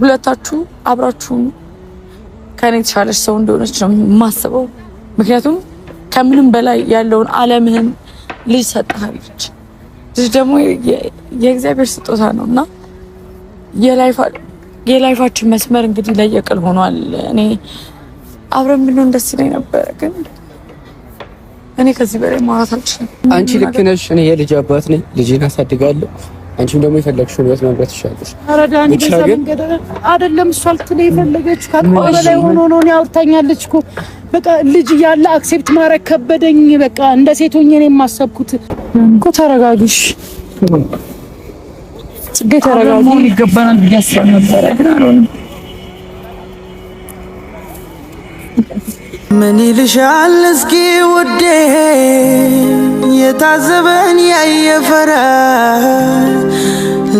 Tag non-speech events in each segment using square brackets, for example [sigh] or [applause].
ሁለታችሁ አብራችሁን ከኔ የተሻለች ሰው እንደሆነች ነው የማስበው። ምክንያቱም ከምንም በላይ ያለውን ዓለምህን ልጅ ሰጥሃለች። ልጅ ደግሞ የእግዚአብሔር ስጦታ ነው እና የላይፋችን መስመር እንግዲህ ለየቅል ሆኗል። እኔ አብረን ብንሆን ደስ ይለኝ ነበረ ግን እኔ ከዚህ በላይ ማውራት አልችልም። አንቺ ልክ ነሽ። እኔ የልጅ አባት ነኝ። ልጄን አሳድጋለሁ። አንቺም ደግሞ የፈለግሽውን ህይወት መምረት ትችላለሽ። አረዳኝ በዛ መንገድ አይደለም። እሷ ልትል የፈለገች ካጠገብ በላይ ሆኖ ነው ያውርታኛለች እኮ በቃ ልጅ እያለ አክሴፕት ማድረግ ከበደኝ። በቃ እንደ ሴት ሆኜ ነው የማሰብኩት እኮ። ተረጋጊሽ ጽጌ፣ ተረጋጊ። ይገባናል ብዬሽ አስቤ ነበረ ግን አልሆነም። ምን ይልሻል እስኪ ውዴ የታዘበን ያየ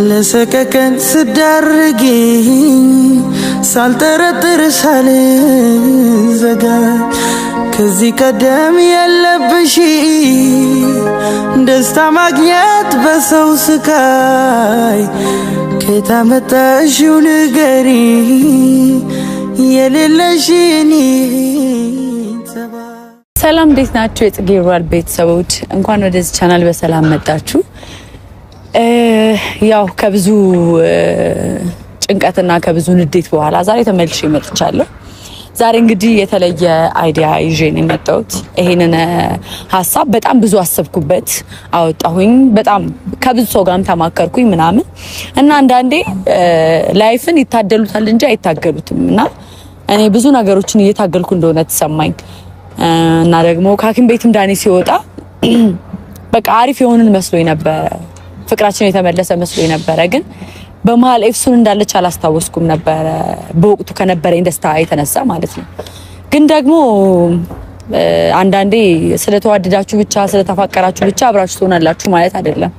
ለሰቀቀን ስዳርጊኝ ሳልጠረጥር ሳልዘጋ ከዚህ ቀደም የለብሽ ደስታ ማግኘት በሰው ስቃይ ከታመጣሽው አመጣሽው ንገሪ የሌለሽኒ ሰላም እንዴት ናችሁ? የጽጌ ሮያል ቤተሰቦች እንኳን ወደዚህ ቻናል በሰላም መጣችሁ። ያው ከብዙ ጭንቀትና ከብዙ ንዴት በኋላ ዛሬ ተመልሼ መጥቻለሁ። ዛሬ እንግዲህ የተለየ አይዲያ ይዤ ነው የመጣሁት። ይሄንን ሀሳብ በጣም ብዙ አሰብኩበት፣ አወጣሁኝ። በጣም ከብዙ ሰው ጋርም ተማከርኩኝ ምናምን እና አንዳንዴ ላይፍን ይታደሉታል እንጂ አይታገሉትም እና እኔ ብዙ ነገሮችን እየታገልኩ እንደሆነ ተሰማኝ። እና ደግሞ ከሐኪም ቤትም ዳኒ ሲወጣ በቃ አሪፍ የሆንን መስሎ ነበረ። ፍቅራችን የተመለሰ መስሎ ነበረ። ግን በመሀል ኤፍሱን እንዳለች አላስታወስኩም ነበረ፣ በወቅቱ ከነበረኝ ደስታ የተነሳ ማለት ነው። ግን ደግሞ አንዳንዴ ስለተዋደዳችሁ ብቻ ስለተፋቀራችሁ ብቻ አብራችሁ ትሆናላችሁ ማለት አይደለም።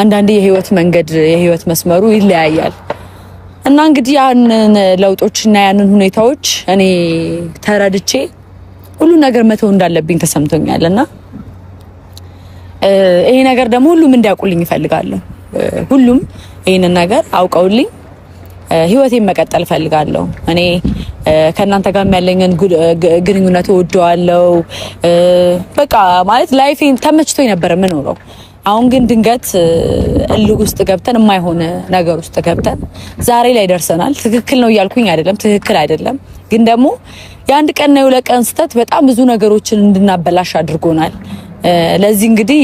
አንዳንዴ የህይወት መንገድ የህይወት መስመሩ ይለያያል እና እንግዲህ ያንን ለውጦችና ያንን ሁኔታዎች እኔ ተረድቼ ሁሉ ነገር መተው እንዳለብኝ ተሰምቶኛል እና ይሄ ነገር ደግሞ ሁሉም እንዲያውቁልኝ እፈልጋለሁ። ሁሉም ይህንን ነገር አውቀውልኝ ህይወቴን መቀጠል እፈልጋለሁ። እኔ ከእናንተ ጋር ያለኝን ግንኙነት ወደዋለው በቃ ማለት ላይፌን ተመችቶ የነበረ ምኖረው። አሁን ግን ድንገት እልህ ውስጥ ገብተን የማይሆን ነገር ውስጥ ገብተን ዛሬ ላይ ደርሰናል። ትክክል ነው እያልኩኝ አይደለም፣ ትክክል አይደለም ግን ደግሞ የአንድ ቀንና የሁለት ቀን ስህተት በጣም ብዙ ነገሮችን እንድናበላሽ አድርጎናል። ለዚህ እንግዲህ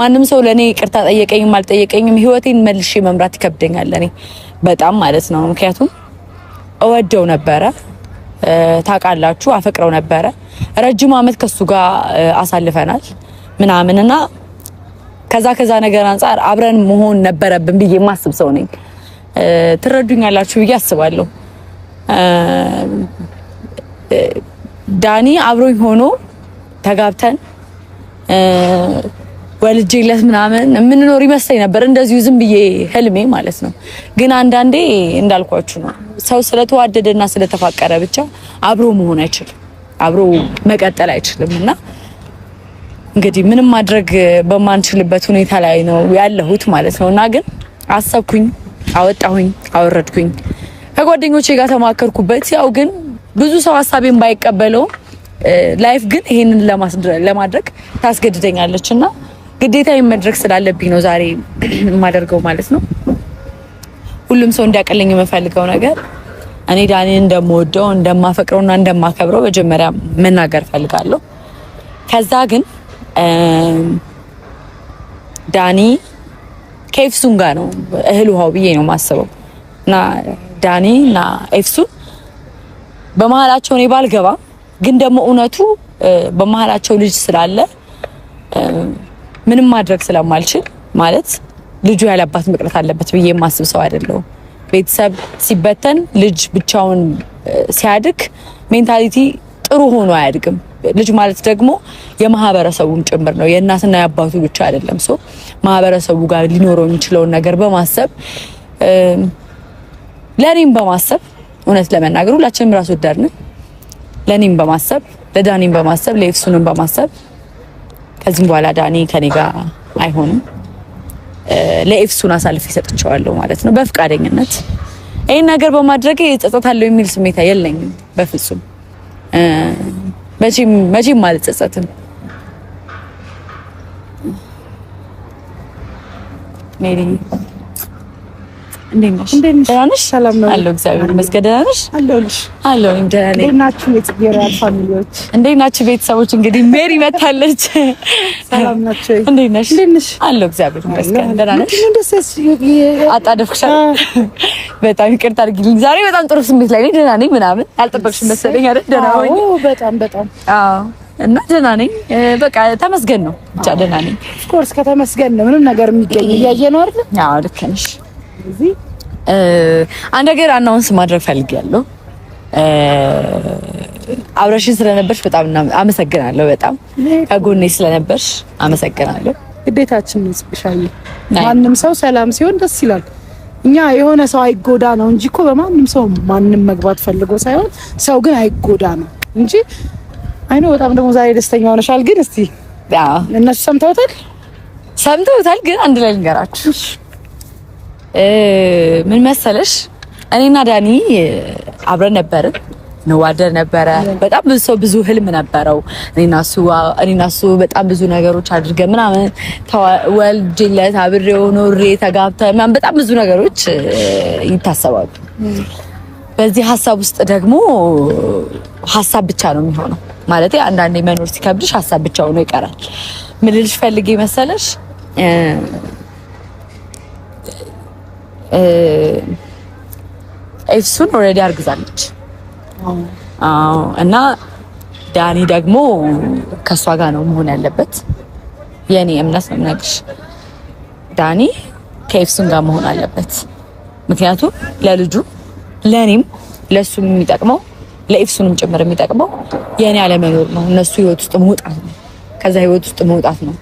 ማንም ሰው ለኔ ቅርታ ጠየቀኝም አልጠየቀኝም ህይወቴን መልሼ መምራት ይከብደኛል ለኔ በጣም ማለት ነው። ምክንያቱም እወደው ነበረ፣ ታውቃላችሁ፣ አፈቅረው ነበረ። ረጅም ዓመት ከሱ ጋር አሳልፈናል ምናምንና ከዛ ከዛ ነገር አንጻር አብረን መሆን ነበረብን ብዬ የማስብ ሰው ነኝ። ትረዱኛላችሁ ብዬ አስባለሁ። ዳኒ አብሮኝ ሆኖ ተጋብተን ወልጄለት ምናምን የምንኖር ይመስለኝ ነበር። እንደዚሁ ዝም ብዬ ህልሜ ማለት ነው። ግን አንዳንዴ እንዳልኳችሁ ነው። ሰው ስለተዋደደና ስለተፋቀረ ብቻ አብሮ መሆን አይችልም፣ አብሮ መቀጠል አይችልም። እና እንግዲህ ምንም ማድረግ በማንችልበት ሁኔታ ላይ ነው ያለሁት ማለት ነው። እና ግን አሰብኩኝ፣ አወጣሁኝ፣ አወረድኩኝ፣ ከጓደኞቼ ጋር ተማከርኩበት። ያው ግን ብዙ ሰው ሀሳቤን ባይቀበለውም ላይፍ ግን ይሄንን ለማድረግ ታስገድደኛለች እና ግዴታ መድረክ ስላለብኝ ነው ዛሬ [clears throat] የማደርገው ማለት ነው። ሁሉም ሰው እንዲያቀለኝ የምፈልገው ነገር እኔ ዳኒን እንደምወደው እንደማፈቅረውና እንደማከብረው መጀመሪያ መናገር ፈልጋለሁ። ከዛ ግን ዳኒ ከኤፍሱን ጋር ነው እህል ውሃው ብዬ ነው የማስበው እና ዳኒ እና ኤፍሱን በመሀላቸው እኔ ባልገባ ግን ደግሞ እውነቱ በመሀላቸው ልጅ ስላለ ምንም ማድረግ ስለማልችል ማለት ልጁ ያለባት መቅረት አለበት ብዬ የማስብ ሰው አይደለሁም። ቤተሰብ ሲበተን ልጅ ብቻውን ሲያድግ ሜንታሊቲ ጥሩ ሆኖ አያድግም። ልጅ ማለት ደግሞ የማህበረሰቡን ጭምር ነው፣ የእናትና የአባቱ ብቻ አይደለም። ሶ ማህበረሰቡ ጋር ሊኖረው የሚችለውን ነገር በማሰብ ለእኔም በማሰብ እውነት ለመናገር ሁላችንም ራስ ወዳድ ነን። ለኔም በማሰብ ለዳኒም በማሰብ ለኤፍሱንም በማሰብ ከዚህም በኋላ ዳኒ ከኔ ጋር አይሆንም፣ ለኤፍሱን አሳልፍ ይሰጥቸዋለሁ ማለት ነው በፍቃደኝነት ይህን ነገር በማድረግ እጸጸታለሁ የሚል ስሜት የለኝም በፍጹም። መቼም አልጸጸትም። ሜሪ እንዴት ነሽ? ደህና ነሽ? ሰላም ነው አለው። እግዚአብሔር ይመስገን። ደህና ነሽ? አለሁልሽ። አለሁ። ደህና ነኝ። እንዴት ናችሁ? ፋሚሊዎች እንዴት ናችሁ? ቤተሰቦች እንግዲህ ሜሪ መታለች። ሰላም ናችሁ? እንዴት ነሽ? እንዴት ነሽ? አለሁ። እግዚአብሔር ይመስገን። ደህና ነሽ? አጣደፍኩሻል። በጣም ይቅርታ አድርጊልኝ። ዛሬ በጣም ጥሩ ስሜት ላይ ነኝ። ደህና ነኝ ምናምን አልጠበቅሽም መሰለኝ አይደል? ደህና ሆኜ በጣም በጣም አዎ እና ደህና ነኝ። በቃ ተመስገን ነው ብቻ ደህና ነኝ። ኦፍኮርስ ከተመስገን ነው ምንም ነገር የሚገኝ እያየ ነው አይደል? አዎ ልክ ነሽ። ስለዚህ አንድ ነገር አናውንስ ማድረግ ፈልጊያለሁ። አብረሽን ስለነበርሽ በጣም አመሰግናለሁ። በጣም ከጎኔ ስለነበርሽ አመሰግናለሁ። ግዴታችን ነው። ማንም ሰው ሰላም ሲሆን ደስ ይላል። እኛ የሆነ ሰው አይጎዳ ነው እንጂ እኮ በማንም ሰው ማንም መግባት ፈልጎ ሳይሆን ሰው ግን አይጎዳ ነው እንጂ አይኖ በጣም ደግሞ ዛሬ ደስተኛ ሆነሻል። ግን እስቲ እነሱ ሰምተውታል ሰምተውታል። ግን አንድ ላይ ልንገራችሁ ምን መሰለሽ እኔና ዳኒ አብረን ነበርን፣ እንዋደር ነበረ። በጣም ብዙ ሰው ብዙ ህልም ነበረው። እኔና እሱ በጣም ብዙ ነገሮች አድርገን ምናምን ወልጅለት አብሬው ኖሬ ተጋብተ ምናምን በጣም ብዙ ነገሮች ይታሰባሉ። በዚህ ሀሳብ ውስጥ ደግሞ ሀሳብ ብቻ ነው የሚሆነው። ማለት አንዳንዴ መኖር ሲከብድሽ ሀሳብ ብቻ ሆኖ ይቀራል። ምልልሽ ፈልጌ መሰለሽ ኤፍሱን ኦልሬዲ አርግዛለች እና ዳኒ ደግሞ ከእሷ ጋር ነው መሆን ያለበት። የእኔ እምነት ነው የምነግርሽ፣ ዳኒ ከኤፍሱን ጋር መሆን አለበት። ምክንያቱም ለልጁ ለእኔም ለእሱም የሚጠቅመው ለኤፍሱንም ጭምር የሚጠቅመው የእኔ አለመኖር ነው። እነሱ ህይወት ውስጥ መውጣት ነው። ከዛ ህይወት ውስጥ መውጣት ነው።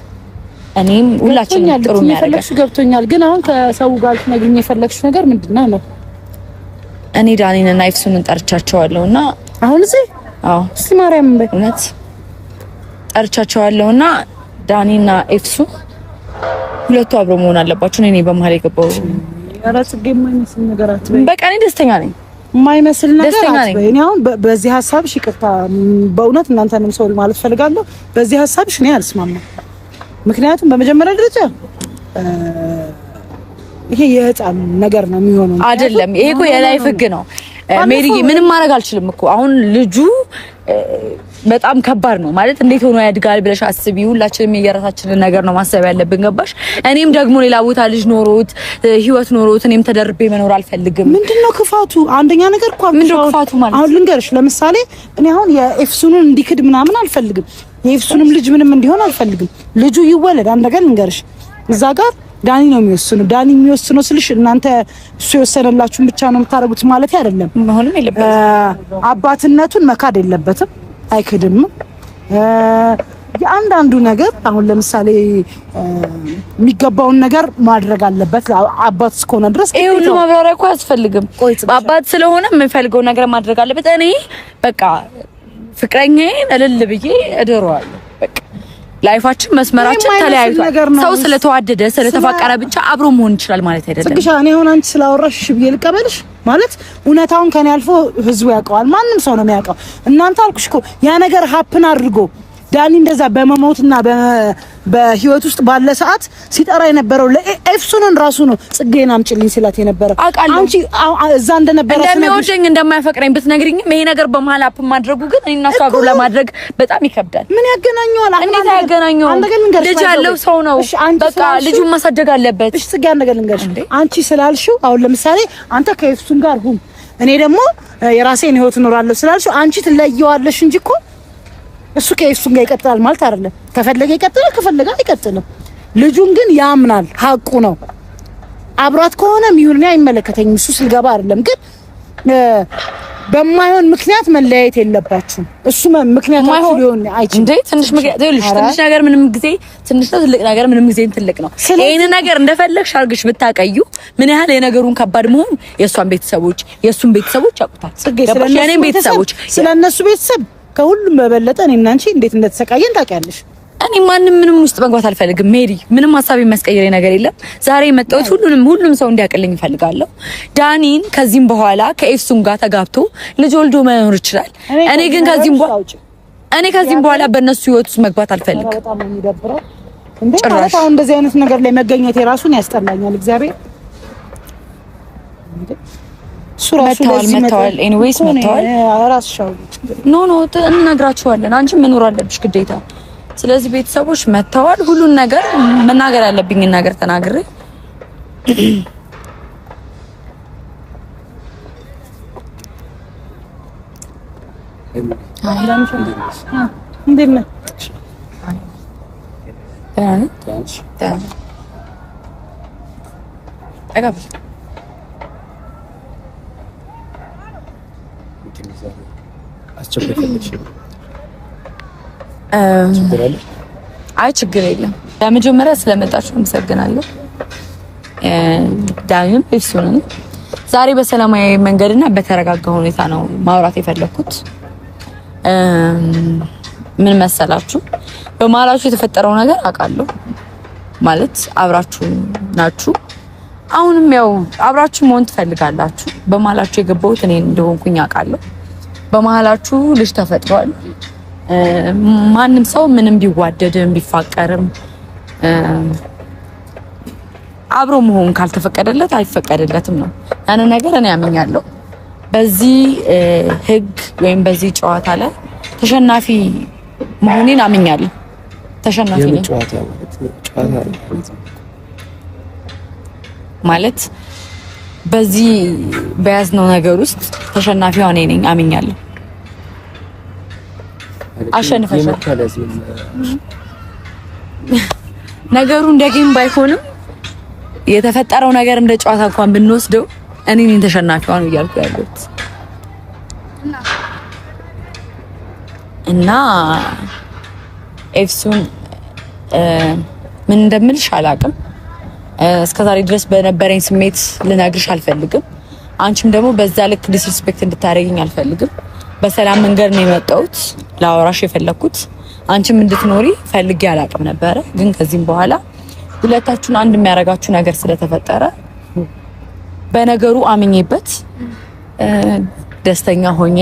እኔም ሁላችንም ጥሩ የሚያደርገው ገብቶኛል። ግን አሁን ከሰው ጋር ልትነግሪኝ የፈለግሽው ነገር ምንድነው ነው? እኔ ዳኒን እና ኤፍሱንን ጠርቻቸዋለሁ እና አሁን እዚህ አዎ፣ እስቲ ማርያም በእውነት ጠርቻቸዋለሁ እና ዳኒና ኤፍሱ ሁለቱ አብሮ መሆን አለባቸው። እኔ በመሀል የገባው አራት ገማ ይመስል ነገር አትበይ። በቃ እኔ ደስተኛ ነኝ የማይመስል ነገር አትበይ። እኔ አሁን በዚህ ሀሳብሽ ይቅርታ፣ በእውነት እናንተንም ሰው ማለት ፈልጋለሁ። በዚህ ሀሳብሽ እኔ አልስማማም። ምክንያቱም በመጀመሪያ ደረጃ ይሄ የህፃን ነገር ነው የሚሆነው አይደለም። ይሄ እኮ የላይፍ ህግ ነው። ሜሪዬ ምንም ማድረግ አልችልም እኮ አሁን ልጁ በጣም ከባድ ነው ማለት እንዴት ሆኖ ያድጋል ብለሽ አስቢ። ሁላችንም የየራሳችንን ነገር ነው ማሰብ ያለብን ገባሽ? እኔም ደግሞ ሌላ ቦታ ልጅ ኖሮት ህይወት ኖሮት እኔም ተደርቤ መኖር አልፈልግም። ምንድነው ክፋቱ? አንደኛ ነገር እኮ ምንድነው ክፋቱ ማለት አሁን ልንገርሽ፣ ለምሳሌ እኔ አሁን የኤፍሱኑን እንዲክድ ምናምን አልፈልግም። የኤፍሱንም ልጅ ምንም እንዲሆን አልፈልግም። ልጁ ይወለድ አንደገን ልንገርሽ እዛ ጋር ዳኒ ነው የሚወስኑ። ዳኒ የሚወስነው ስልሽ እናንተ እሱ የወሰነላችሁን ብቻ ነው የምታደርጉት ማለት አይደለም። አባትነቱን መካድ የለበትም፣ አይክድም። የአንዳንዱ ነገር አሁን ለምሳሌ የሚገባውን ነገር ማድረግ አለበት። አባት እስከሆነ ድረስ ይሄ ሁሉ ማብራሪያ እኮ አያስፈልግም። አባት ስለሆነ የምፈልገው ነገር ማድረግ አለበት። እኔ በቃ ፍቅረኛዬን እልል ብዬ እድሯዋለሁ ላይፋችን መስመራችን ተለያይቷል። ሰው ስለተዋደደ ስለተፋቀረ ብቻ አብሮ መሆን ይችላል ማለት አይደለም። ጽግሻ እኔ አሁን አንቺ ስላወራሽ ብዬ ልቀበልሽ ማለት እውነታውን ከኔ አልፎ ህዝቡ ያውቀዋል። ማንም ሰው ነው የሚያውቀው። እናንተ አልኩሽ እኮ ያ ነገር ሀፕን አድርጎ ዳኒ እንደዛ በመሞትና በህይወት ውስጥ ባለ ሰዓት ሲጠራ የነበረው ለኤፍሱንን ራሱ ነው። ጽጌን አምጪልኝ ሲላት የነበረው አንቺ እዛ እንደነበረ እንደሚወደኝ እንደማያፈቅረኝ ብትነግሪኝም ይሄ ነገር በማላፕ ማድረጉ ግን እኔና እሱ አብሮ ለማድረግ በጣም ይከብዳል። ምን ያገናኘዋል? እንዴት ያገናኘዋል? ልጅ ያለው ሰው ነው። በቃ ልጁን ማሳደግ አለበት። እሺ ጽጌ፣ አንድ ነገር ልንገርሽ። አንቺ ስላልሽው አሁን ለምሳሌ አንተ ከኤፍሱን ጋር ሁን፣ እኔ ደግሞ የራሴን ህይወት እኖራለሁ ስላልሽው አንቺ ትለየዋለሽ እንጂ እኮ እሱ ከእሱን ጋር ይቀጥላል ማለት አይደለም። ከፈለገ ይቀጥላል፣ ከፈለገ አይቀጥልም። ልጁን ግን ያምናል፣ ሀቁ ነው። አብሯት ከሆነም ይሁን አይመለከተኝም፣ እሱ ሲገባ አይደለም። ግን በማይሆን ምክንያት መለያየት የለባችሁም። እሱ ምክንያታችሁ ሊሆን አይችልም። እንዴ ትንሽ ምክንያት ይኸውልሽ፣ ትንሽ ነገር ምንም ጊዜ ትንሽ ነው፣ ትልቅ ነገር ምንም ጊዜ ትልቅ ነው። ይሄን ነገር እንደፈለግሽ አድርግሽ ብታቀዩ ምን ያህል የነገሩን ከባድ መሆኑ የእሷን ቤተሰቦች የእሱን ቤተሰቦች ያውቁታል። ስለእነሱ ቤተሰብ ከሁሉም በበለጠ እኔ እና አንቺ እንዴት እንደተሰቃየን ታውቂያለሽ። እኔ ማንም ምንም ውስጥ መግባት አልፈልግም ሜሪ። ምንም ሀሳብ የሚያስቀይር ነገር የለም። ዛሬ የመጣሁት ሁሉንም ሁሉም ሰው እንዲያቀልኝ እፈልጋለሁ። ዳኒን ከዚህም በኋላ ከኤፍሱን ጋር ተጋብቶ ልጅ ወልዶ መኖር ይችላል። እኔ ግን ከዚህም በኋላ እኔ ከዚህም በኋላ በእነሱ ህይወት ውስጥ መግባት አልፈልግም። ጭራሽ አሁን እንደዚህ አይነት ነገር ላይ መገኘት የራሱን ያስጠላኛል እግዚአብሔር መተዋል መተዋል ኤኒዌይስ መተዋል። ኖ ኖ እንነግራችኋለን። አንቺ መኖር አለብሽ ግዴታ። ስለዚህ ቤተሰቦች መተዋል። ሁሉን ነገር መናገር ያለብኝ ነገር ተናግሬ [clears throat] ልታስቸግር ፈልግሽ? አይ ችግር የለም። ለመጀመሪያ ስለመጣችሁ አመሰግናለሁ። ዳዊም ኤፍሱንም ዛሬ በሰላማዊ መንገድና በተረጋጋ ሁኔታ ነው ማውራት የፈለኩት። ምን መሰላችሁ፣ በመሀላችሁ የተፈጠረው ነገር አውቃለሁ። ማለት አብራችሁ ናችሁ። አሁንም ያው አብራችሁ መሆን ትፈልጋላችሁ። በመሀላችሁ የገባሁት እኔ እንደሆንኩኝ አውቃለሁ። በመሀላችሁ ልጅ ተፈጥሯል። ማንም ሰው ምንም ቢዋደድም ቢፋቀርም አብሮ መሆን ካልተፈቀደለት አይፈቀደለትም ነው። ያን ነገር እኔ አምኛለሁ በዚህ ህግ ወይም በዚህ ጨዋታ ላይ ተሸናፊ መሆኔን አምኛለሁ። ተሸናፊ ነኝ ማለት በዚህ በያዝነው ነገር ውስጥ ተሸናፊዋ እኔ ነኝ አምኛለሁ። አሸንፈሻል። ነገሩ እንደ ጌም ባይሆንም የተፈጠረው ነገር እንደ ጨዋታ እንኳን ብንወስደው እኔ ነኝ ተሸናፊዋ ነው እያልኩ ያለሁት እና ኤፍሱን ምን እንደምልሽ አላውቅም። እስከዛሬ ድረስ በነበረኝ ስሜት ልነግርሽ አልፈልግም። አንቺም ደግሞ በዛ ልክ ዲስሪስፔክት እንድታደርግኝ አልፈልግም። በሰላም መንገድ ነው የመጣሁት ለአወራሽ የፈለግኩት። አንቺም እንድትኖሪ ፈልጌ አላቅም ነበረ፣ ግን ከዚህም በኋላ ሁለታችሁን አንድ የሚያደርጋችሁ ነገር ስለተፈጠረ በነገሩ አምኜበት ደስተኛ ሆኜ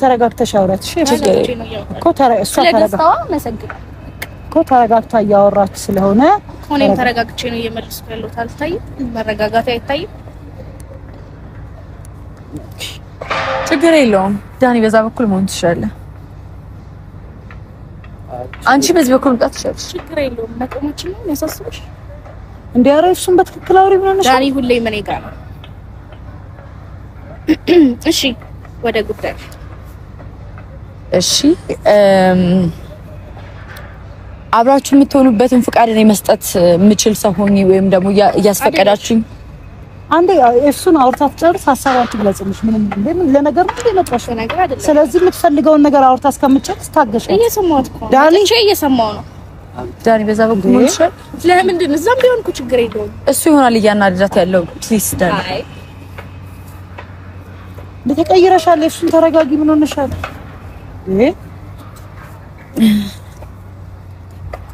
ተረጋግተሽ አውራትሽ ችግር እኮ እኮ ተረጋግታ እያወራች ስለሆነ እኔም ተረጋግቼ ነው እየመለስኩ ያለሁት። አልታይም፣ መረጋጋት አይታይም። ችግር የለውም ዳኒ፣ በዛ በኩል መሆን ትችላለህ። አንቺ በዚህ በኩል መምጣት ትችላለሽ። ችግር የለውም። መቆማችን ነው የሚያሳስብሽ? እንደ ኧረ እሱን በትክክል አውሪ። ምን ሆነሽ ዳኒ? ሁሌ ምን ጋር ነው? እሺ ወደ ጉዳይ እሺ አብራችሁ የምትሆኑበትን ፍቃድ እኔ መስጠት የምችል ሰው ሆኜ ወይም ደግሞ እያስፈቀዳችሁኝ አንዴ እሱን አውርታት ጨርስ። ሀሳባችን ለጽምሽ ምንም ምንም ለነገር ምን የመጣሽ ነገር አይደለም። ስለዚህ የምትፈልገውን ነገር አውርታ እስከምትጨርስ ታገሽ። እየሰማሁት እኮ ዳኒ፣ እየሰማሁ ነው ዳኒ። በዛ በኩል ምን ይሻል? ለምንድን እዛም ቢሆን እኮ ችግር የለውም እሱ ይሆናል እያናደዳት ያለው ፕሊስ ዳኒ ተቀይረሻል። እሱን ተረጋጊ። ምን ሆነሻል?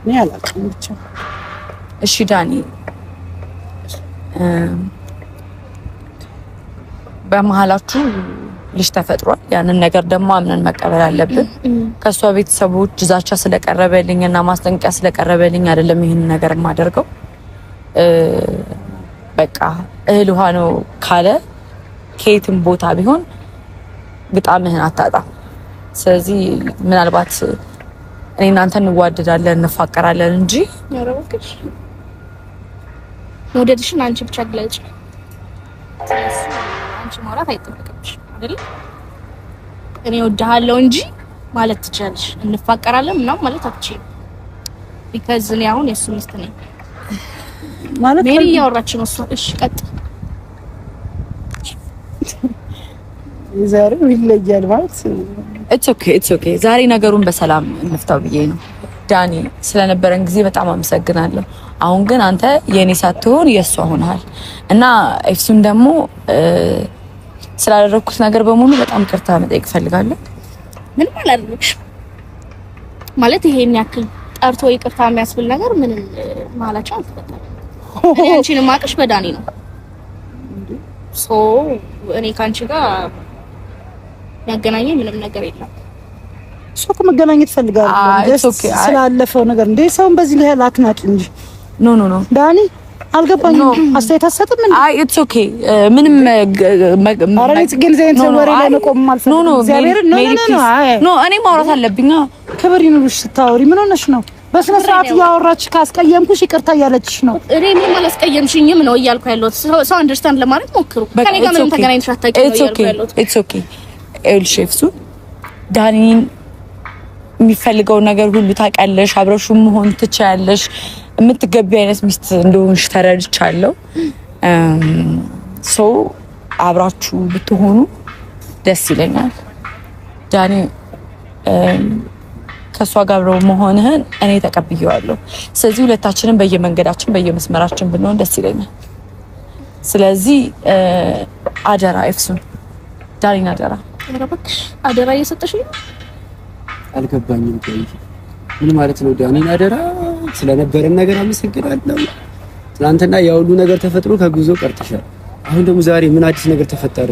እኔ አላውቅም ብቻ። እሺ ዳኒ፣ በመሀላችሁ ልጅ ተፈጥሯል። ያንን ነገር ደግሞ አምነን መቀበል አለብን። ከእሷ ቤተሰቦች ዛቻ ስለቀረበልኝ እና ማስጠንቀቂያ ስለቀረበልኝ አይደለም ይህን ነገር የማደርገው። በቃ እህል ውሃ ነው ካለ ከየትም ቦታ ቢሆን ግጣምህን አታጣም። ስለዚህ ምናልባት እኔ እናንተ እንዋደዳለን እንፋቀራለን እንጂ መውደድሽን አንቺ ብቻ ግለጭ። አንቺ ማውራት አይጠበቅብሽ አይደል? እኔ እወድሃለሁ እንጂ ማለት ትችላለሽ። እንፋቀራለን ምናምን ማለት አትችይም። ቢካዝ እኔ አሁን የእሱ ሚስት ነኝ ማለት ሜሪ እያወራች ነው እሷ። እሺ ዛሬው ይለያል ማለት ኢትስ ኦኬ ኢትስ ኦኬ። ዛሬ ነገሩን በሰላም እንፍታው ብዬ ነው። ዳኒ ስለነበረን ጊዜ በጣም አመሰግናለሁ። አሁን ግን አንተ የኔ ሳትሆን የእሷ ሆነሃል እና ኤፍሱን ደግሞ ስላደረኩት ነገር በሙሉ በጣም ቅርታ መጠየቅ እፈልጋለሁ። ምንም አላደረግሽም ማለት ይሄን ያክል ጠርቶ ይቅርታ የሚያስብል ነገር ምንም ማላቸው አልተፈጠረም። እኔ አንቺን ማቅሽ በዳኒ ነው ሶ እኔ ከአንቺ ጋር ያገናኘ ምንም ነገር የለም። እሷ እኮ መገናኘት ፈልጋለች ስላለፈው ነገር እንደ ሰውን በዚህ ላይ አትናቂ እንጂ ኖ ኖ ኖ ዳኒ አልገባኝም። አስተያየት አትሰጥም እንዴ? አይ ኢትስ ኦኬ። ምንም ላይ ነው። ማለት ኖ እኔ ማውራት አለብኝ። ክብር ይኑርሽ። ስታወሪ ምን ሆነሽ ነው? በስነ ስርዓት እያወራች ካስቀየምኩሽ ይቅርታ እያለችሽ ነው። እኔ ምንም አላስቀየምሽኝም ነው እያልኩ ያለሁት። ሰው አንደርስታንድ ለማድረግ ሞክሩ። ከኔ ጋር ምንም ተገናኝተሽ አታውቂም ነው እያልኩ ያለሁት። ኢትስ ኦኬ ኤል ሼፍሱ ዳኒን የሚፈልገውን ነገር ሁሉ ታውቂያለሽ፣ አብረሹ መሆን ትችያለሽ፣ የምትገቢ አይነት ሚስት እንደሆንሽ ተረድቻለሁ። ሰው አብራችሁ ብትሆኑ ደስ ይለኛል። ዳኒ ከእሷ ጋር አብረው መሆንህን እኔ ተቀብየዋለሁ። ስለዚህ ሁለታችንም በየመንገዳችን በየመስመራችን ብንሆን ደስ ይለኛል። ስለዚህ አደራ ኤፍሱን ዳኒን አደራ እባክሽ አደራ እየሰጠሽ አልገባኝም። ቆይ ምን ማለት ነው? ዳኒን አደራ ስለነበረን ነገር አመሰግናለሁ። ትናንትና ያ ሁሉ ነገር ተፈጥሮ ከጉዞ ቀርተሻል። አሁን ደግሞ ዛሬ ምን አዲስ ነገር ተፈጠረ?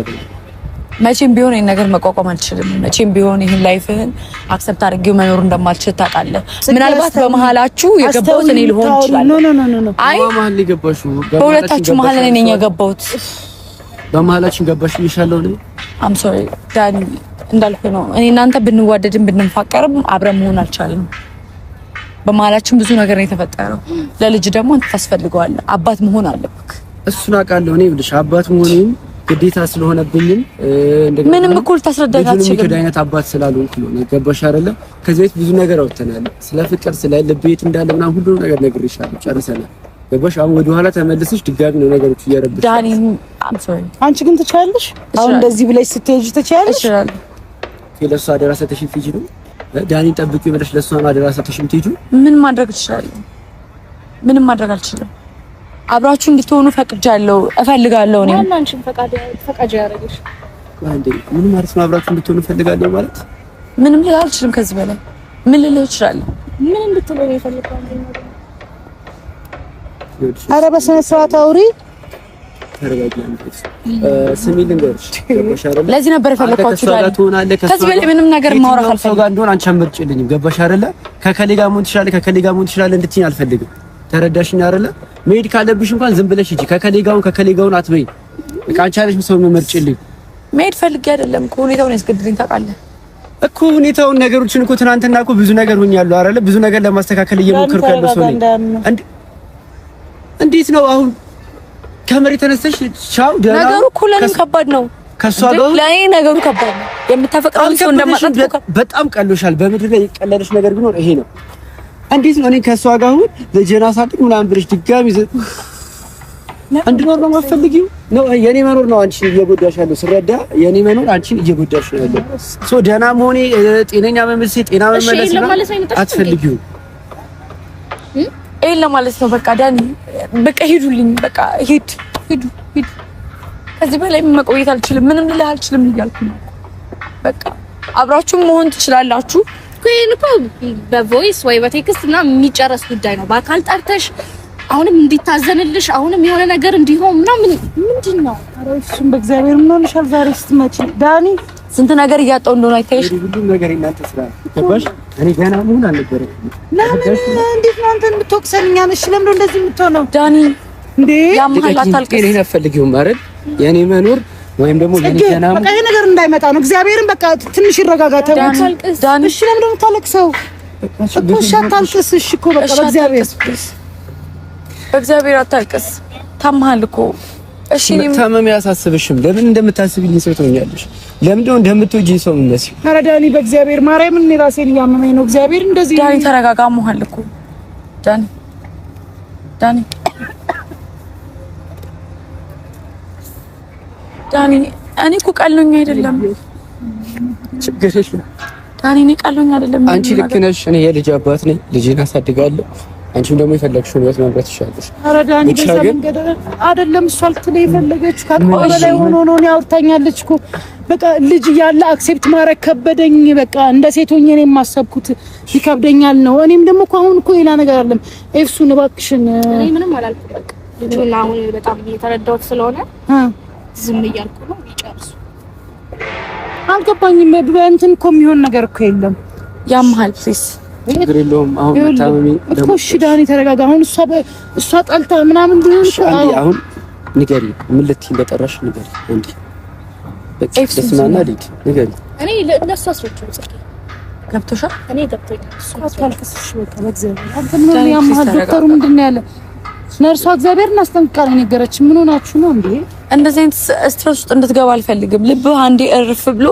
መቼም ቢሆን ይህን ነገር መቋቋም አልችልም። መቼም ቢሆን ይህን ላይፍህን አክሰፕት አድርጌው መኖር እንደማልችል ታውቃለህ። ምናልባት በመሀላችሁ የገባሁት እኔ ልሆን ይችላል። አይ በሁለታችሁ መሀል እኔ ነኝ የገባሁት በመሀላችን ገባሽ ብዬሻለሁ። እኔ አም ሶሪ ዳኒ፣ እንዳልኩ ነው። እኔ እናንተ ብንዋደድም ብንፋቀርም አብረን መሆን አልቻለም። በመሀላችን ብዙ ነገር ነው የተፈጠረው። ለልጅ ደግሞ አንተ ታስፈልገዋለህ፣ አባት መሆን አለብክ። እሱን አውቃለሁ። እኔ ብልሽ አባት መሆኔም ግዴታ ስለሆነብኝም ምንም እኮ ልታስረዳት አትችልም። አይነት አባት ስላልሆንኩ ነው። ገባሽ አይደለም? ከዚህ ቤት ብዙ ነገር አውጥተናል። ስለ ፍቅር፣ ስለ ልቤት እንዳለ ምናምን ሁሉ ነገር ነግሬሻለሁ። ጨርሰናል ገባሽ? አሁን ወደ ኋላ ተመልሰሽ ድጋሚ ነው ነገሮች እያረብሽ። ዳኒ አንቺ ግን ትችያለሽ። አሁን እንደዚህ ብለሽ ስትሄጂ ትችያለሽ። ለእሷ አደራ ሰተሽ ፊጂ ነው ዳኒ ጠብቂ ብለሽ ለእሷ አደራ ሰተሽ ምትሄጂ። ምን ማድረግ ትችላለሁ? ምንም ማድረግ አልችልም። አብራችሁ እንድትሆኑ ፈቅጃለሁ፣ እፈልጋለሁ። እኔ ማን አንቺን ፈቃድ ፈቃድ ያደረገሽ አንዴ ምን ማለት ነው? አብራችሁ እንድትሆኑ እፈልጋለሁ ማለት ምንም ልል አልችልም። ከዚህ በላይ ምን ልልህ እችላለሁ? ምን እንድትሆኑ ነው የፈለከው? ኧረ በስነ ስርዓት አውሪ። ስሚ ልንገርሽ፣ ለዚህ ነበር የፈለኳችሁ። ከዚህ በላይ ምንም ነገር ማውራት ገባሽ አይደለ? ከከሌ ጋር መሆን ትችላለህ፣ ከከሌ ጋር መሆን ትችላለህ እንድትይኝ አልፈልግም። ተረዳሽኝ አይደለ? መሄድ ካለብሽ እንኳን ዝም ብለሽ ሂጂ። ከከሌ ጋውን ከከሌ ጋውን አትበይ። በቃ አንቺ አለሽም ሰው መመርጭልኝ። መሄድ ፈልጌ አይደለም እኮ ሁኔታውን ያስገድደኝ ታውቃለህ እኮ ሁኔታውን ነገሮችን እኮ ትናንትና እኮ ብዙ ነገር ሆኛለሁ አይደለ? ብዙ ነገር ለማስተካከል እየሞከርኩ ያለው ሰው ነኝ። እንዴት ነው አሁን ከመሬት ተነስተሽ ቻው። ገና ነገሩ እኮ ለኔ ከባድ ነው። ከሷ ጋር ለኔ ነገሩ ከባድ ነው። የምታፈቅረው ሰው እንደማጣጥ በጣም ቀሎሻል። በምድር ላይ የቀለለሽ ነገር ቢኖር ይሄ ነው። እንዴት ነው እኔ ከሷ ጋር አሁን ለጀና ሳጥቅ ምናምን ብለሽ ድጋሚ እንድኖር ነው የማትፈልጊው? ነው የኔ መኖር ነው አንቺ እየጎዳሽ ያለው ስረዳ፣ የኔ መኖር አንቺ እየጎዳሽ ነው ያለው። ሶ ደህና መሆኔ ጤነኛ መመልሴ ጤና መመለስ አትፈልጊውም ይሄን ለማለት ነው። በቃ ዳኒ በቃ ሂዱልኝ በቃ ሄድ ሄዱ ሄዱ። ከዚህ በላይ መቆየት አልችልም፣ ምንም ልልህ አልችልም እያልኩ ነው። በቃ አብራችሁም መሆን ትችላላችሁ። ይሄን እኮ በቮይስ ወይ በቴክስት እና የሚጨረስ ጉዳይ ነው። በአካል ጠርተሽ አሁንም እንዲታዘንልሽ አሁንም የሆነ ነገር እንዲሆን ምናምን ምንድን ነው? ኧረ እሱም በእግዚአብሔር ምን ሆነሻል? ዛሬ ስትመጪ ዳኒ ስንት ነገር እያጣሁ እንደሆነ አይታይሽ? ሁሉም ነገር እናንተ ስራ ገባሽ። እኔ ገና መሆን አልነበረብኝም። ለምን እንዴት ነው አንተ የምትወቅሰኛ ነሽ? ለምን እንደዚህ የምትሆነው ዳኒ? እንዴ ያምሃል፣ አታልቅስ። እኔ አትፈልጊውም አይደል? የእኔ መኖር ወይም ደግሞ ገና በቃ ይሄ ነገር እንዳይመጣ ነው። እግዚአብሔርን በቃ ትንሽ ይረጋጋ። ተውት ዳኒ። እሺ ለምን እንደምታለቅሰው እኮ እሺ፣ አታልቅስ። እሺ እኮ በቃ በእግዚአብሔር በእግዚአብሔር አታልቅስ። ታመሃል እኮ እሺ። ታመም ያሳስብሽም። ለምን እንደምታስብኝ ሰው ትሆኛለሽ? ለምን ነው እንደምትወጂኝ ሰው የምትመስይው? ኧረ ዳኒ በእግዚአብሔር ማርያም፣ እኔ ራሴን እያመመኝ ነው። እግዚአብሔር እንደዚህ ዳኒ፣ ተረጋጋ። መሃል እኮ ዳኒ፣ ዳኒ፣ ዳኒ፣ እኔ እኮ ቀሎኝ አይደለም። ችግር የለም ዳኒ፣ እኔ ቀሎኝ አይደለም። አንቺ ልክ ነሽ። እኔ የልጅ አባት ነኝ። ልጅን አሳድጋለሁ አንቺም ደግሞ የፈለግሽውን ህይወት መምረት ትችላለሽ። ኧረ ዳኒ በዛ መንገድ አይደለም። እሷ ልትል የፈለገች ከአቅሟ በላይ ሆኖ ነው ያወርታኛለች እኮ በቃ ልጅ እያለ አክሴፕት ማድረግ ከበደኝ። በቃ እንደ ሴት ሆኜ እኔም ማሰብኩት ይከብደኛል ነው። እኔም ደግሞ እኮ አሁን እኮ ሌላ ነገር አይደለም። ኤፍሱን እባክሽን፣ እኔ ምንም አላልኩም። በቃ ልጁን አሁን በጣም የተረዳሁት ስለሆነ ዝም እያልኩ ነው። ይጨርሱ። አልገባኝም። በእንትን እኮ የሚሆን ነገር እኮ የለም። ያምሃል ፕሊስ ችግር የለውም። አሁን ዳኒ ተረጋጋ። አሁን እሷ እሷ ጠልታ ምናምን ቢሆን አሁን ንገሪ፣ ምን ልትይ እንደጠራሽ ንገሪ። እንዴ በቃ ልጅ ንገሪ። እኔ ለእነሱ አስወጭው ገብቶሻል። እኔ ገብቶኛል። እሱ አስፋልከስ በቃ ለእግዚአብሔር አንተ ምን ያማል። ዶክተሩ ምንድን ነው ያለ ነርሷ እግዚአብሔር እናስጠንቅቃል ነገረች። ምን ሆናችሁ ነው እንዴ? እንደዚህ አይነት ስትረስ ውስጥ እንድትገባ አልፈልግም። ልብህ አንዴ እርፍ ብሎ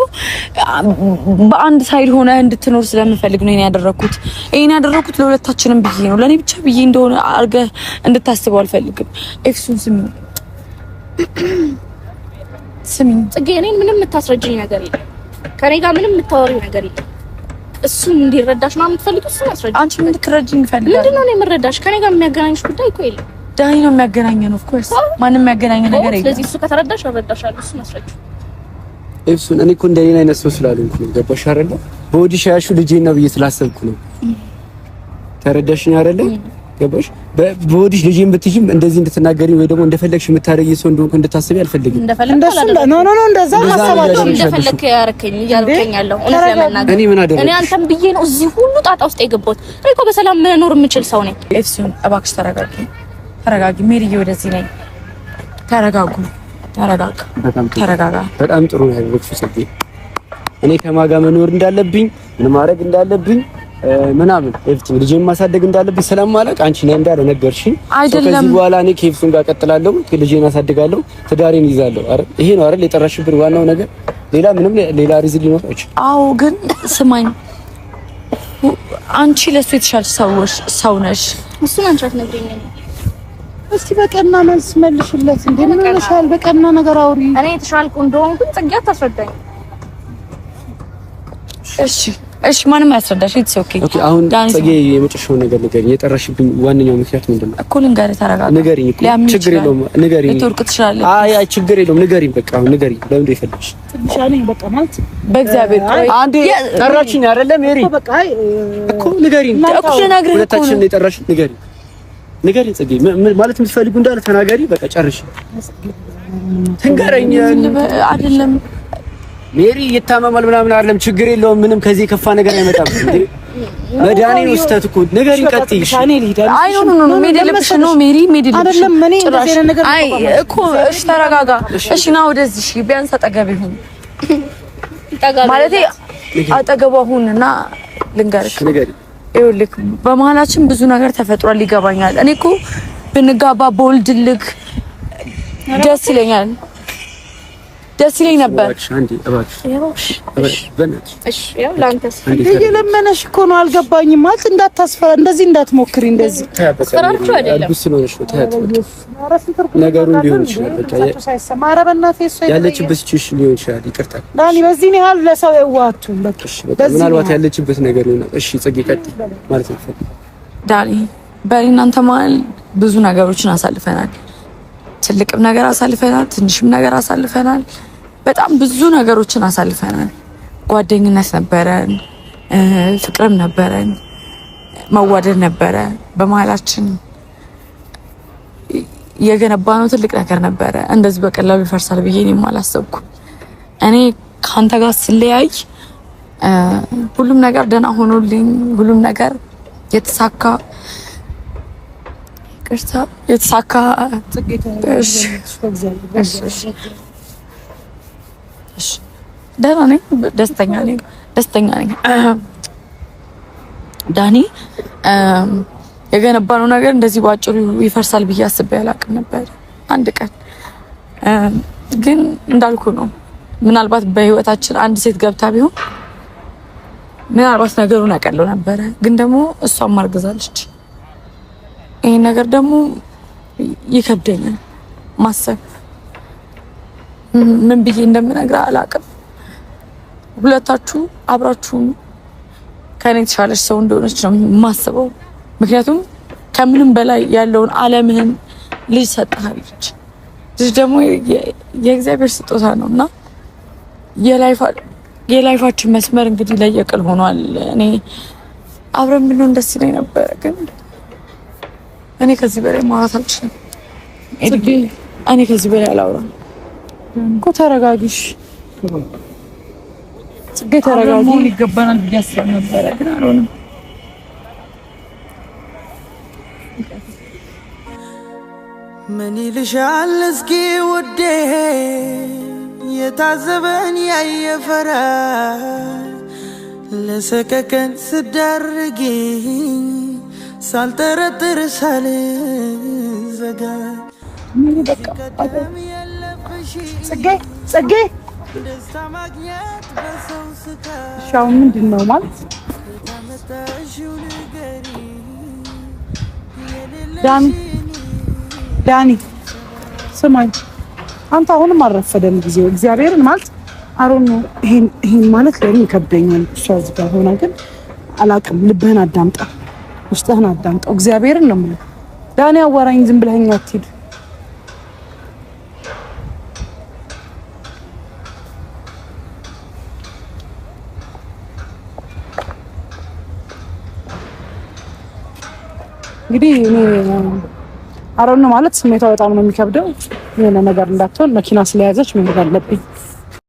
በአንድ ሳይድ ሆነ እንድትኖር ስለምፈልግ ነው ያደረኩት። ይሄን ያደረኩት ለሁለታችንም ብዬ ነው፣ ለእኔ ብቻ ብዬ እንደሆነ አድርገህ እንድታስበው አልፈልግም። ኤፍሱን ስሚ ስሚ ፅጌ፣ እኔን ምንም የምታስረጅኝ ነገር የለም። ከኔ ጋር ምንም የምታወሪው ነገር የለም። እሱን እንዲረዳሽ ምናምን የምትፈልጊው እሱን አስረጅ። አንቺ ምን ትረጅኝ ፈልጋለሽ? ምንድን ነው እኔ የምረዳሽ? ከኔ ጋር የሚያገናኝሽ ጉዳይ እኮ የለም። ዳኒ ነው የሚያገናኘን። ኦፍ ኮርስ ማንም የሚያገናኘን ነገር የለም። ስለዚህ እሱ ከተረዳሽ አበዳሻለሁ። እሱ መስረች እሱን እኔ እኮ እንደኔ አይነት ሰው ስላልሆንኩ ነው። ገባሽ አይደለ? በወዲሽ ያልሽው ልጄን ነው ብዬ ስላሰብኩ ነው። ተረዳሽኝ አይደለ? ገባሽ? በወዲሽ ልጅም ብትይዥም እንደዚህ እንድትናገሪ ወይ ደግሞ እንደፈለግሽ የምታደርጊ ሰው እንደሆንኩ እንድታስቢ አልፈልግም። እንደሱ ኖ ኖ ኖ፣ እንደዛ ሐሳባቸው እንደፈለክ ያረከኝ እያረከኝ ያለው እውነት እኔ ምን አደረኩ? እኔ አንተም ብዬ ነው እዚህ ሁሉ ጣጣ ውስጥ የገባሁት። እኔ እኮ በሰላም መኖር የምችል ሰው ነኝ። እሱን እባክሽ ተረጋጊ። ተረጋጊ ሜሪዬ፣ ወደዚህ ነኝ። ተረጋጉ። ተረጋጋ። ተረጋጋ። በጣም ጥሩ ነው ያደረግሽው ጽጌ። እኔ ከማጋ መኖር እንዳለብኝ ምን ማድረግ እንዳለብኝ ምናምን ኤቭሪቲንግ ልጄን ማሳደግ እንዳለብኝ ስለማላቅ አንቺ ነይ እንዳለ ነገርሽኝ። አይደለም ከዚህ በኋላ እኔ ከኤፍሱን ጋር ቀጥላለሁ፣ ልጄን አሳድጋለሁ፣ ትዳሬን ይዛለሁ። አረ ይሄ ነው አይደል የጠራሽብን ዋናው ነገር። ሌላ ምንም ሌላ ሪዝን ሊኖር አይችልም። አዎ ግን ስማኝ፣ አንቺ ለሱ የተሻለ ሰው ነሽ። እሱን አንቺ አትነግሪኝም እስቲ በቀና መልስ መልሽለት። ምን ሆነሻል? በቀና ነገር አውሪ። እኔ የተሻልኩ እንደሆንኩ ጽጌ አታስረዳኝ። እሺ እሺ፣ ማንም አያስረዳሽ። ኢትስ ኦኬ። ኦኬ። አሁን ጽጌ የመጨረሻውን ነገር ንገሪኝ። የጠራሽብኝ ዋነኛው ምክንያት ምንድን ነው? እኮ ልንገርህ፣ ተረጋጋ፣ ንገሪኝ። ችግር የለውም ንገሪኝ። ልትወርቅ ትችላለህ። አይ አይ፣ ችግር የለውም ንገሪኝ። በቃ አሁን ንገሪኝ። ለምንድን የፈለግሽ? በቃ ማለት በእግዚአብሔር ቆይ፣ አንዴ ጠራችኝ አይደለም? ሜሪ እኮ በቃ ንገሪኝ። እኮ ልነግርህ እኮ ሁለታችን የጠራሽኝ ንገሪኝ ንገሪኝ ፅጌ፣ ማለት የምትፈልጉ እንዳለ ተናገሪ። በቃ ጨርሽ ትንገረኝ። አይደለም ሜሪ ይታመማል ምናምን አይደለም፣ ችግር የለውም ምንም፣ ከዚህ የከፋ ነገር አይመጣም። መድኃኒት ነው ስህተት እኮ እሺ ወደዚህ እሺ፣ ቢያንስ አጠገብ ይሁን እና ልንገርሽ ይኸውልህ በመሀላችን ብዙ ነገር ተፈጥሯል። ይገባኛል። እኔ እኮ ብንጋባ ቦልድ ልክ ደስ ይለኛል። ደስ ይለኝ ነበር። እየለመነሽ እኮ ነው። አልገባኝም ማለት እንዳታስፈራ፣ እንደዚህ እንዳትሞክሪ፣ እንደዚህ ነገሩ ሊሆን ይችላል። በዚህ ያህል ለሰው የዋቱን ምናልባት ያለችበት ነገር እሺ፣ ጽጌ ቀጥይ ማለት ነው። ዳኒ በእናንተ መሀል ብዙ ነገሮችን አሳልፈናል። ትልቅም ነገር አሳልፈናል፣ ትንሽም ነገር አሳልፈናል። በጣም ብዙ ነገሮችን አሳልፈናል። ጓደኝነት ነበረን፣ ፍቅርም ነበረን፣ መዋደድ ነበረ። በመሀላችን የገነባነው ትልቅ ነገር ነበረ። እንደዚህ በቀላሉ ይፈርሳል ብዬ እኔም አላሰብኩም። እኔ ከአንተ ጋር ስለያይ ሁሉም ነገር ደህና ሆኖልኝ ሁሉም ነገር የተሳካ ቅርታ የተሳካ እሺ ደህና ነኝ። ደስተኛ ነኝ። ደስተኛ ነኝ። ዳኒ የገነባነው ነገር እንደዚህ ባጭሩ ይፈርሳል ብዬ አስቤ አላቅም ነበር። አንድ ቀን ግን እንዳልኩ ነው። ምናልባት በህይወታችን አንድ ሴት ገብታ ቢሆን ምናልባት ነገሩን ያቀለው ነበረ። ግን ደግሞ እሷም አርግዛለች። ይህ ነገር ደግሞ ይከብደኛል ማሰብ ምን ብዬ እንደምነግርህ አላውቅም። ሁለታችሁ አብራችሁም ከኔ የተሻለች ሰው እንደሆነች ነው የማስበው። ምክንያቱም ከምንም በላይ ያለውን ዓለምህን ልጅ ሰጥሃለች። ልጅ ደግሞ የእግዚአብሔር ስጦታ ነው እና የላይፋችን መስመር እንግዲህ ለየቅል ሆኗል። እኔ አብረን ብንሆን ደስ ይለኝ ነበረ፣ ግን እኔ ከዚህ በላይ ማውራት አልችልም። እኔ ከዚህ በላይ አላውራም። እኮ ተረጋጊሽ። ጽጌ ተረጋጊ። መሆን ይገባናል ብዬሽ አስብ ነበረ ግን አልሆነም። ምን ይልሻል እስኪ ውዴ የታዘበን ያየ ፈራል ለሰከከን ስዳርጊኝ ሳልጠረጥር ሳልዘጋ ጽጌ ጽጌ ሻው ምንድን ነው ማለት ዳኒ ዳኒ ስማኝ አንተ አሁንም አልረፈደም ጊዜው እግዚአብሔርን ማለት ይሄን ማለት ይከብደኛል እሷ እዚህ ጋር ሆና ግን አላውቅም ልብህን አዳምጣ ውስጥህን አዳምጣው እግዚአብሔርን ነው የምልህ ዳኒ ዝም ብለኸኝ አትሂድ እንግዲህ አረነ ማለት ስሜቷ በጣም ነው የሚከብደው። የሆነ ነገር እንዳትሆን መኪና ስለያዘች መንገድ አለብኝ